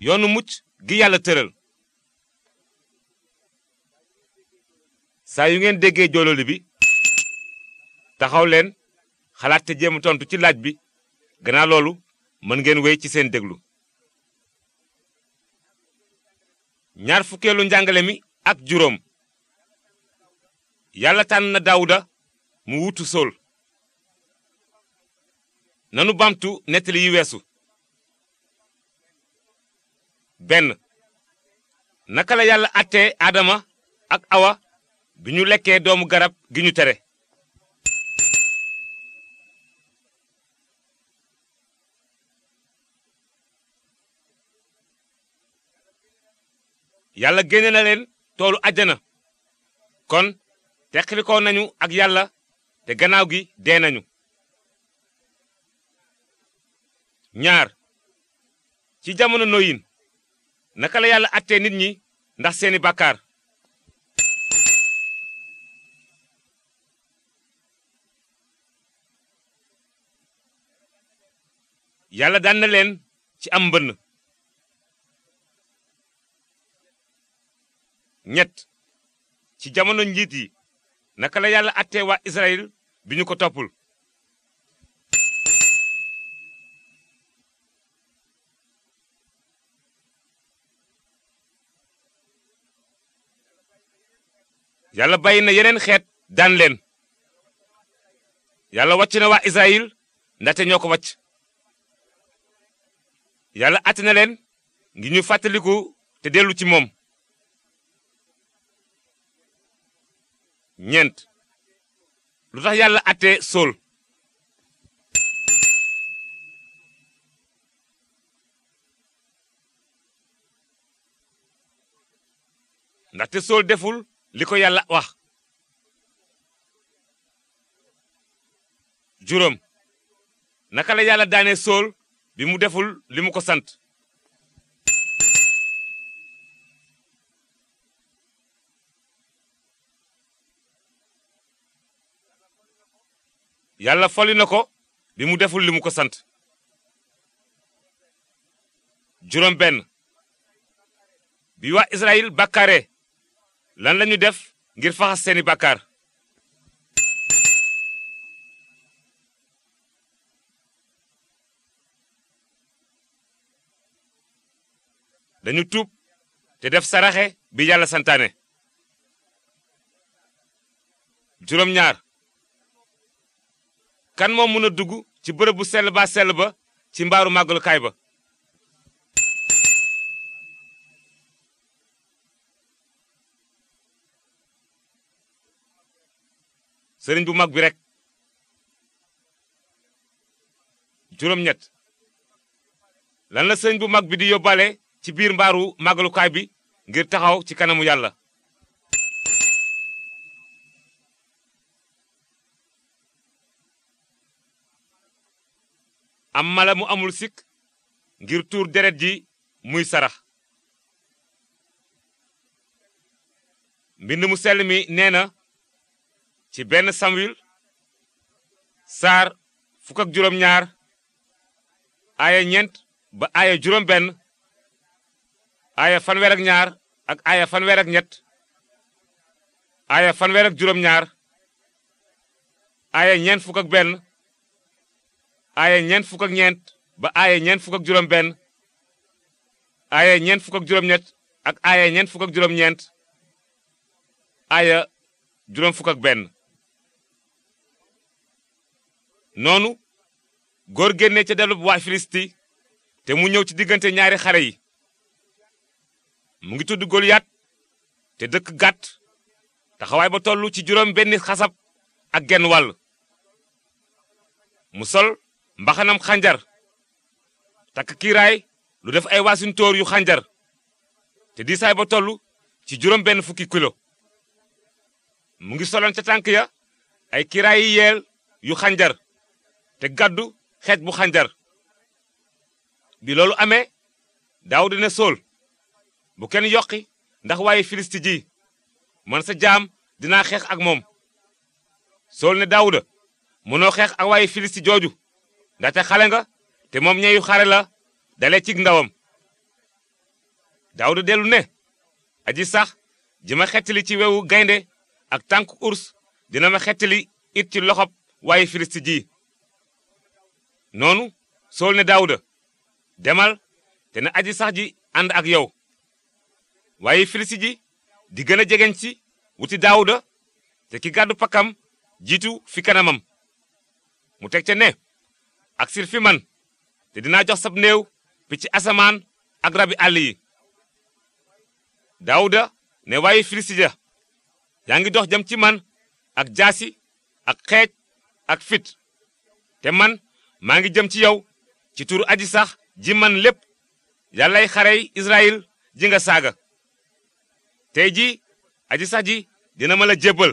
yoonu mucc gi yàlla tëral saa yu ngeen déggee joololi bi taxaw leen xalaat te jéem tontu ci laaj bi gannaaw loolu mën ngeen wéy ci seen déglu ñaar fukkeelu njàngale mi ak juróom yàlla tànn na daawuda mu wutu sol nanu bamtu nettali yi weesu benn naka la yàlla àttee aadama ak awa bi ñu lekkee doomu garab gi ñu tere yàlla génne na leen toolu àjjana kon teqalikoo nañu ak yàlla te gannaaw gi dee nañu ñaar ci jamono noyin naka la yàlla àttee nit ñi ndax seeni bàkkaar yàlla daan na leen ci am mbënn ñett ci jamono njiit yi naka la yàlla àttee waa Israël bi ñu ko toppul yàlla bàyyi na yeneen xeet daan leen yàlla wacc na waa Israyil ndaxte ñoo ko wàcc yàlla àtt na leen ngi ñu fàttaliku te dellu ci moom ñeent lu tax yàlla atte sool ndaxte sool deful li ko yàlla wax juróom naka la yàlla daane sool bi mu deful li mu ko sant yàlla folli na ko bi mu deful li mu ko sant juróom benn bi waa Israël bàkkaare lan lañu def ngir faxas seeni bàkkaar dañu tuub te def saraxe bi yàlla santaane juróom kan moo mën a dugg ci bërëb bu sell ba sell ba ci mbaaru màggalukaay ba sëriñ bu mag bi rek juróom-ñett lan la sëriñ bu mag bi di yóbbaale ci biir mbaaru màggalukaay bi ngir taxaw ci kanamu yàlla am mala mu amul sikk ngir tuur deret ji muy sarax mbind mu sell mi nee na ci benn samuel saar fukk ak juróom ñaar aaya ñeent ba aaya juróom benn aaya fanweer ak ñaar ak aaya fanweer ak ñett aaya fanweer ak juróom ñaar aaya ñeent fukk benn aaya ñeent fukk ak ba aaya ñeent fukk ak juróom benn aaya ñeent fukk ak juróom ñett benn noonu góor génne ca delub waa filisti te mu ñëw ci diggante ñaari xare yi mu ngi tudd góor yaat te dëkk gàtt taxawaay ba tollu ci juróom benni xasab ak genn wàll mu sol mbaxanam xànjar takk kiiraay lu def ay waasintóor yu xanjar te diisaay ba tollu ci juróom benn fukki kilo mu ngi soloon ca tànk ya ay kiiraay yi yeel yu xànjar te gàddu xeej bu xànjar bi loolu amee daawuda ne sol bu kenn yoqi ndax waaye filisti ji man sa jaam dinaa xeex ak moom sóol ne daawuda mënoo xeex ak waaye filisti jooju ndaxte xale nga te moom ñeyu xare la dalee cig ndawam daawuda dellu ne aji sax ji ma xettali ci wewu gaynde ak tànk urs dina ma xettali it ci loxob waaye filisti ji noonu sool ne daawuda demal te na aji sax ji ànd ak yow waaye filisi ji di gën a jegeñ ci wuti daawuda te ki gàddu pakkam jiitu fi kanamam mu teg ca ne ak sir fi man te dinaa jox sab néew ci asamaan ak rabi àll yi daawuda ne waaye filisi ja yaa ngi dox jëm ci man ak jaasi ak xeej ak fit te man maa ngi jëm ci yow ci turu aji sax ji man lépp yàllay xarey israyil ji nga saaga tey ji aji sax ji dina ma la jébbal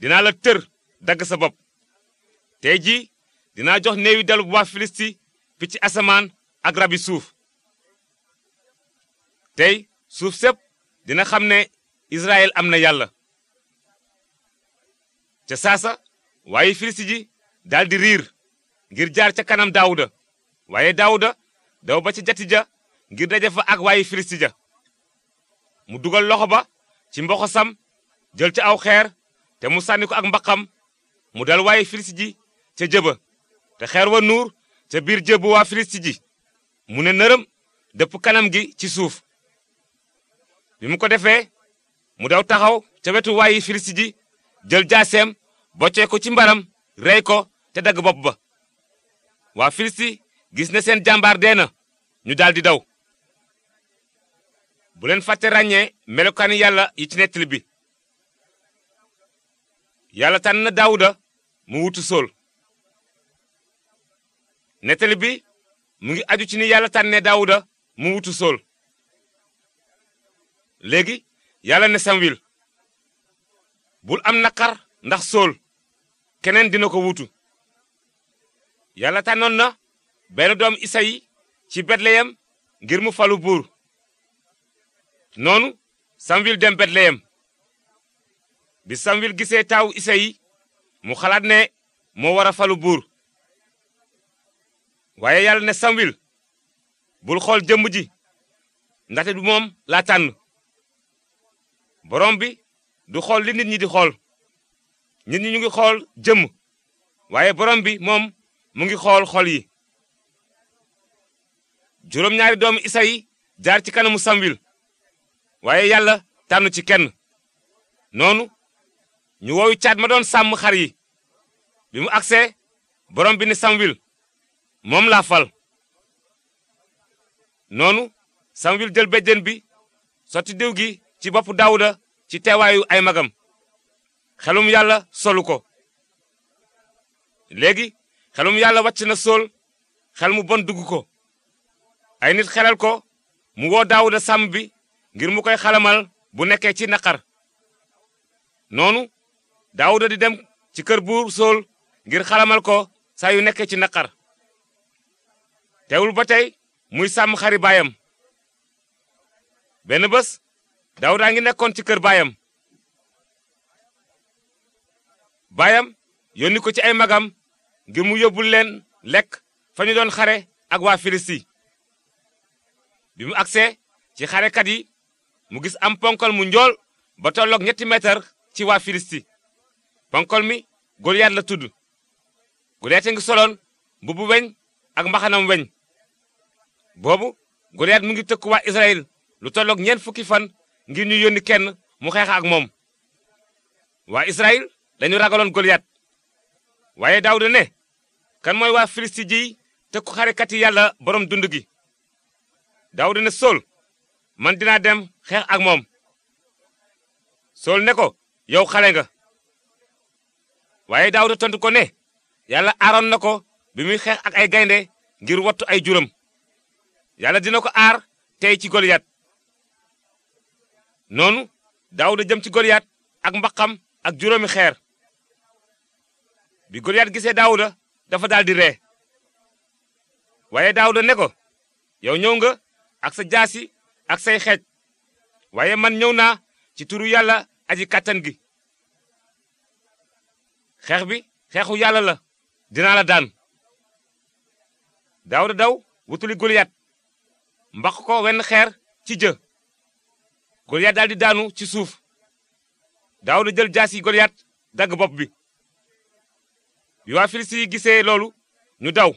dinaa la tër dagg sa bopp tey ji dinaa jox néewi delu bu waa filisti ci asamaan ak rabi suuf tey suuf sépp dina xam ne israyil am na yàlla ca saasa waaye filisti ji daldi riir ngir jaar ca kanam daawuda waaye daawuda daw ba ci jati ja ngir daje fa ak waayi filisti ja mu dugal loxo ba ci mboxosam jël ca aw xeer te mu sànni ko ak mbaqam mu dal waayi filisti ji ca jëba te xeer wa nuur ca biir jëbu waa filisti ji mu ne nërëm dëpp kanam gi ci suuf bi mu ko defee mu daw taxaw ca wetu waayi filisti ji jël jaaseem boccee ko ci mbaram rey ko te dagg bopp ba waa filisti gis ne seen jàmbaar dee na ñu daldi daw bu leen fàtte ràññee melokaani yàlla yi ci nettali bi yàlla tànn na daawuda mu wutu sool nettali bi mu ngi aju ci ni yàlla tànnee daawuda mu wutu sool léegi yàlla ne samwil bul am nakar ndax sool keneen dina ko wutu yàlla tànnoon na benn doom isayi ci betleyem ngir mu falu buur noonu samwil dem betleyem bi samwil gisee taaw isayi mu xalaat ne moo war a falu buur waaye yàlla ne samwil bul xool jëmm ji ndaxte du moom laa tànn borom bi du xool li nit ñi di xool nit ñi ñu ngi xool jëmm waaye borom bi moom mu ngi xool xool yi juróom-ñaari doomu Isayi jaar ci kanamu Samwil waaye yàlla tànn ci kenn noonu ñu woowu caat ma doon sàmm xar yi bi mu agsee borom bi ni Samwil moom laa fal noonu Samwil jël béjjén bi sotti diw gi ci boppu Daawuda ci teewaayu ay magam xelum yàlla solu ko léegi xelum yàlla wàcc na sol xel mu bon dugg ko ay nit xelal ko mu woo daawuda sàmm bi ngir mu koy xalamal bu nekkee ci naqar noonu daawuda di dem ci kër buur sol ngir xalamal ko saa yu nekkee ci naqar teewul ba tey muy sàmm xari baayam benn bés daawuda ngi nekkoon ci kër baayam baayam yónni ko ci ay magam ngir mu yóbbul leen lekk fa ñu doon xare ak waa filisti bi mu agsee ci xarekat yi mu gis am ponkol mu njool ba tollook ñetti meetar ci waa filisti ponkol mi Goliyaat la tudd Goliyaat a ngi soloon mbubu weñ ak mbaxanam weñ boobu Goliyaat mu ngi tëkku waa Israyil lu tolloog ñeent fukki fan ngir ñu yónni kenn mu xeex ak moom waa Israyil dañu ragaloon Goliyaat waaye Daawuda ne kan mooy waa filisti ji te ku xarekati yàlla borom dund gi Daawuda ne sol man dinaa dem xeex ak moom sol ne ko yow xale nga waaye Daawuda tontu ko ne yàlla aaroon na ko bi muy xeex ak ay gaynde ngir wattu ay juróom yàlla dina ko aar tey ci Goliat noonu Daawuda jëm ci Goliat ak mbaqam ak juróomi xeer bi Goliat gisee Daawuda dafa daal di ree waaye Daawuda ne ko yow ñëw nga ak sa jaasi ak say xeej waaye man ñëw naa ci turu yàlla aji kàttan gi xeex bi xeexu yàlla la dinaa la daan Daawuda daw wutuli Goliat mbax ko wenn xeer ci jë Goliat daal di daanu ci suuf Daawuda jël jaasi Goliat dagg bopp bi bi waa filisti yi gisee loolu ñu daw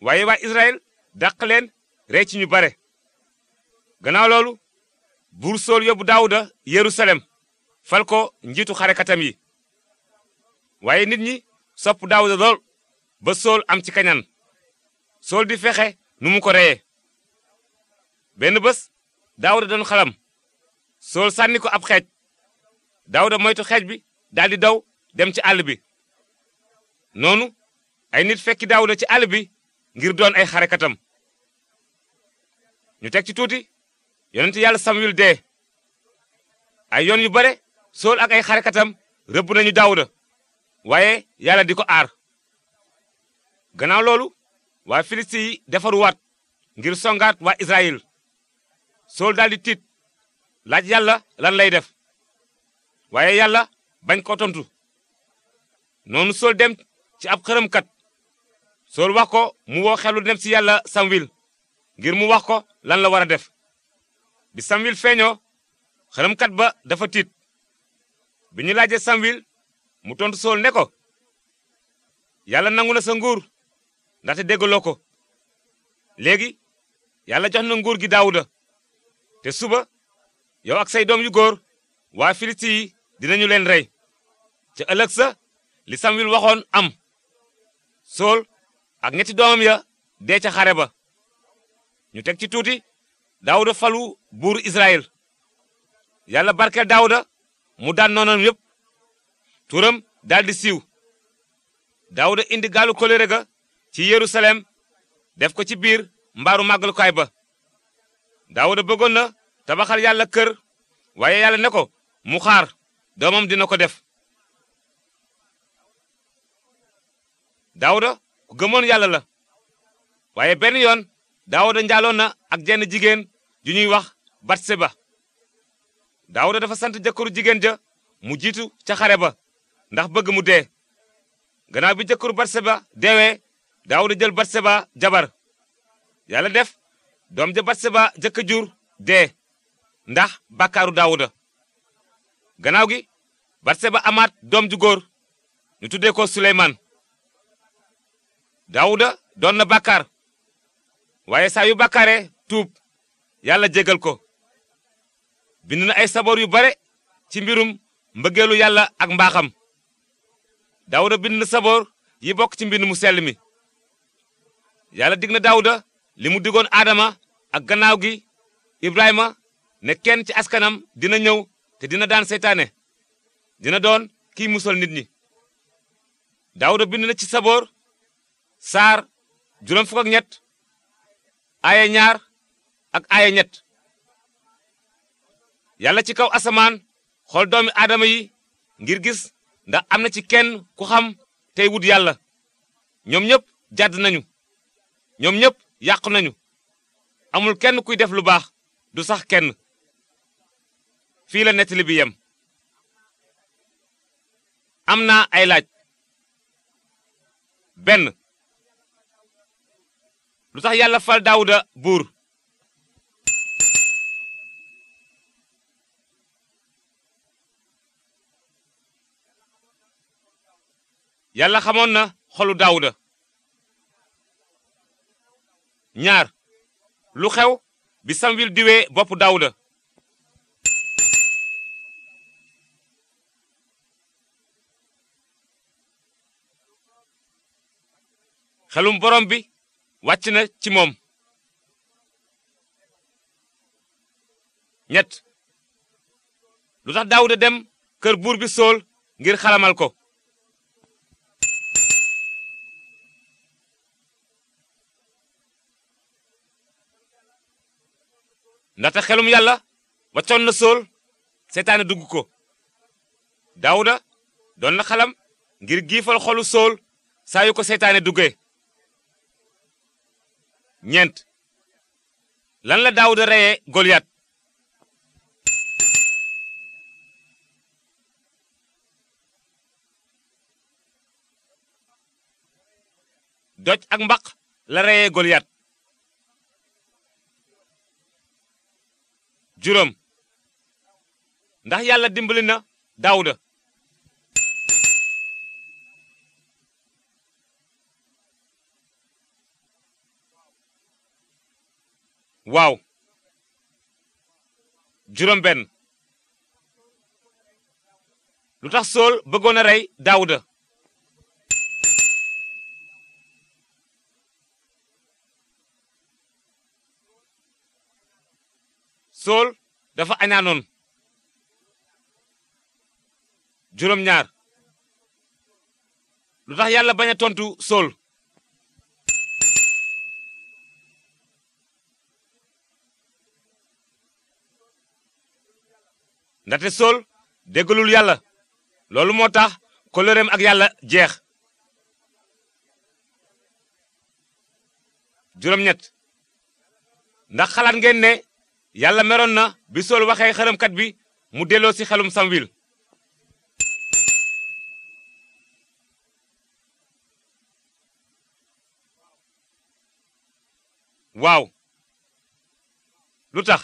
waaye waa israel daq leen rey ci ñu bare ganaaw loolu buur sool yóbbu daawuda yerusalem fal ko njiitu xare katam yi waaye nit ñi sopp daawuda lool ba sol am ci kañan sool di fexe nu mu ko reyee benn bés daawuda doon xalam sol sànni ko ab xeej daawuda moytu xeej bi daldi daw dem ci àll bi noonu ay nit fekki daawuda ci àll bi ngir doon ay xarekatam ñu teg ci tuuti yonent yàlla samuel dee ay yoon yu bare sool ak ay xarekatam rëbb nañu daawuda waaye yàlla di ko aar ganaaw loolu waa filisti yi defaruwaat ngir songaat waa israyil sool daldi tiit laaj yàlla lan lay def waaye yàlla bañ ko tontu noonu sool dem ci ab xërëmkat sol wax ko mu woo xelu dem ci yàlla samwil ngir mu wax ko lan la war a def bi samwil feeñoo xërëmkat ba dafa tiit bi ñu laajee samwil mu tontu sol ne ko yàlla nangu na sa nguur ndaxte déggaloo ko léegi yàlla jox na nguur gi daawuda te suba yow ak say doom yu góor waa filisti yi dinañu leen rey ca ëllëg sa li samwil waxoon am sol ak ñetti doomam ya dee ca xare ba ñu teg ci tuuti daawuda falu buur israel yàlla barkeel daawuda mu daan noonam yépp turam daldi siiw daawuda indi gaalu kóllëre ga ci yerusalem def ko ci biir mbaaru màggalukaay ba daawuda bëggoon na tabaxal yàlla kër waaye yàlla ne ko mu xaar doomam dina ko def daawuda ku gëmoon yàlla la waaye benn yoon daawuda njaaloon na ak jenn jigéen ju ñuy wax batseba daawuda dafa sant jëkkëru jigéen ja mu jiitu ca xare ba ndax bëgg mu dee ganaaw bi jëkkëru batseba deewee daawuda jël batseba jabar yàlla def doom ja batseba jëkk jur dee ndax bàkkaaru daawuda gannaaw gi batseba amaat doom ju góor ñu tuddee ko suleymaan Daawuda doon na bàkkaar waaye saa yu bàkkaaree tuub yàlla jégal ko bind na ay saboor yu bare ci mbirum mbëggeelu yàlla ak mbaaxam Daawuda bind na saboor yi bokk ci mbind mu sell mi yàlla digg na Daawuda li mu digoon Aadama ak gannaaw gi Ibrahima ne kenn ci askanam dina ñëw te dina daan seytaane dina doon kiy musal nit ñi Daawuda bind na ci saboor saar juróom fukk ak ñett aaye ñaar ak aaye ñett yàlla ci kaw asamaan xool doomi aadama yi ngir gis ndax am na ci kenn ku xam tey wut yàlla ñoom ñépp jàdd nañu ñoom ñépp yàqu nañu amul kenn kuy def lu baax du sax kenn fii la nettali bi yem am naa ay laaj benn lu tax yàlla fal daawuda buur yàlla xamoon na xolu daawuda ñaar lu xew bi samwil diwee bopp daawuda xelum borom bi wàcc na ci moom ñett lu tax daawuda dem kër buur bi sool ngir xalamal ko ndaxte xelum yàlla waccoon na sool seytaane dugg ko daawuda doon na xalam ngir giifal xolu sool saa yu ko seytaane duggee ñeent lan la daawuda reyee goliyat doj ak mbaq la reyee goliyat juróom ndax yàlla dimbali na daawuda waaw juróom benn lu tax sool bëggoon a rey daawuda sool dafa añaanoon juróom ñaar lu tax yàlla bañ a tontu sool ndaxte sool déggalul yàlla loolu moo tax kóllëreem ak yàlla jeex. juróom ndax xalaat ngeen ne yàlla meroon na bi sool waxee xërëmkat bi mu delloo ci xelum samwil waaw lu tax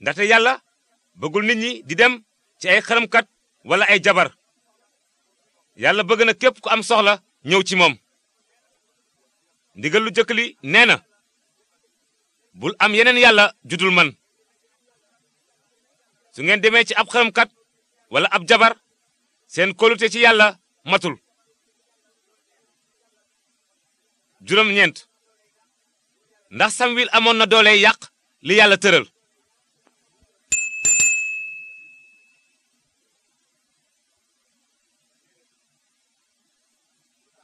ndaxte yàlla bëggul nit ñi di dem ci ay xaramkat wala ay jabar yàlla bëgg na képp ku am soxla ñëw ci moom ndigal lu jëkk li nee na bul am yeneen yàlla judul man su ngeen demee ci ab xaramkat wala ab jabar seen kóolute ci yàlla matul juróom ñeent ndax samwil amoon na doole yàq li yàlla tëral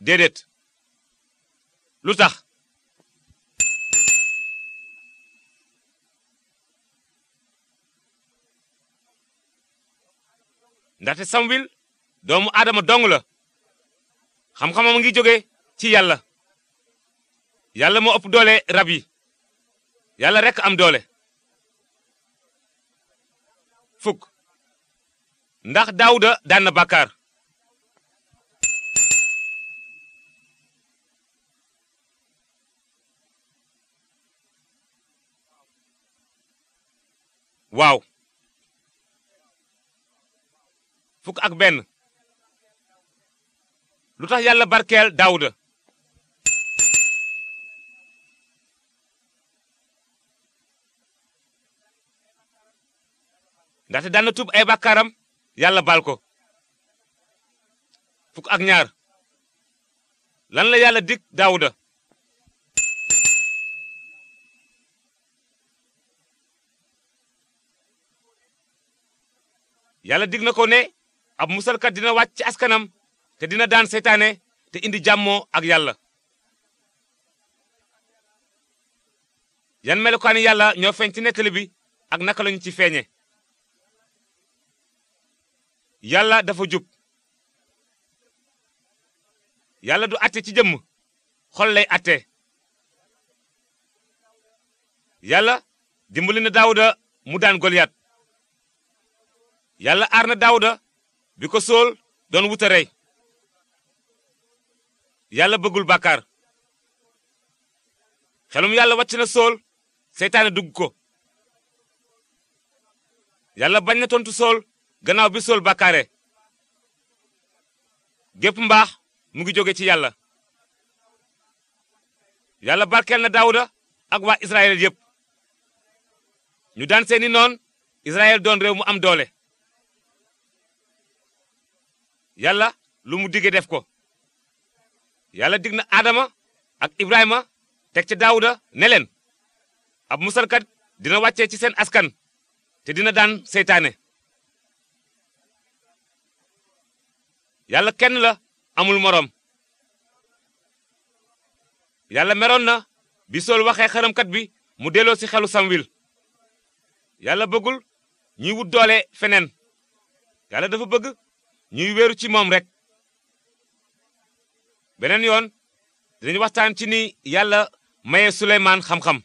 déedéet lu tax ndaxte Samuel doomu Adama dong la xam-xamam ngi jóge ci yàlla yàlla moo ëpp doole rab yi yàlla rekk am doole fukk ndax Daawuda daan na bàkkaar waaw fuk ak benn luta tax yàlla barkeel daawuda ndaxte daan tub tuub ay bàkkaaram yàlla baal ko fukk ak ñaar lan la yàlla dig daawuda yàlla digg na ko ne ab musalkat dina wàcc ci askanam te dina daan seytaane te indi jàmmoo ak yàlla yan melokaani yàlla ñoo feeñ ci nettali bi ak naka lañu ci feeñe yàlla dafa jub yàlla du atte ci jëmm xol lay atte yàlla dimbali na daawuda mu daan goliyat yàlla aar na daawuda bi ko sool doon wuta rey yàlla bëggul bàkkaar xelum yàlla wàcc na sool seytaane dugg ko yàlla bañ na tontu sool gannaaw bi sool bàkkaare gépp mbaax mu ngi jóge ci yàlla yàlla barkeel na daawuda ak waa israyel yépp ñu daan seeni noon israyel doon réew mu am doole yàlla lu mu digge def ko yàlla dig na aadama ak ibrahima teg ca daawuda ne leen ab musalkat dina wàccee ci seen askan te dina daan seytaane yàlla kenn la amul moroom yàlla meroon na bi sool waxee xaramkat bi mu delloo ci xelu samwil yàlla bëggul ñuy doole feneen yàlla dafa bëgg ñuy wéeru ci moom rek beneen yoon dinañ waxtaan ci ni yàlla maye suleymaan xam-xam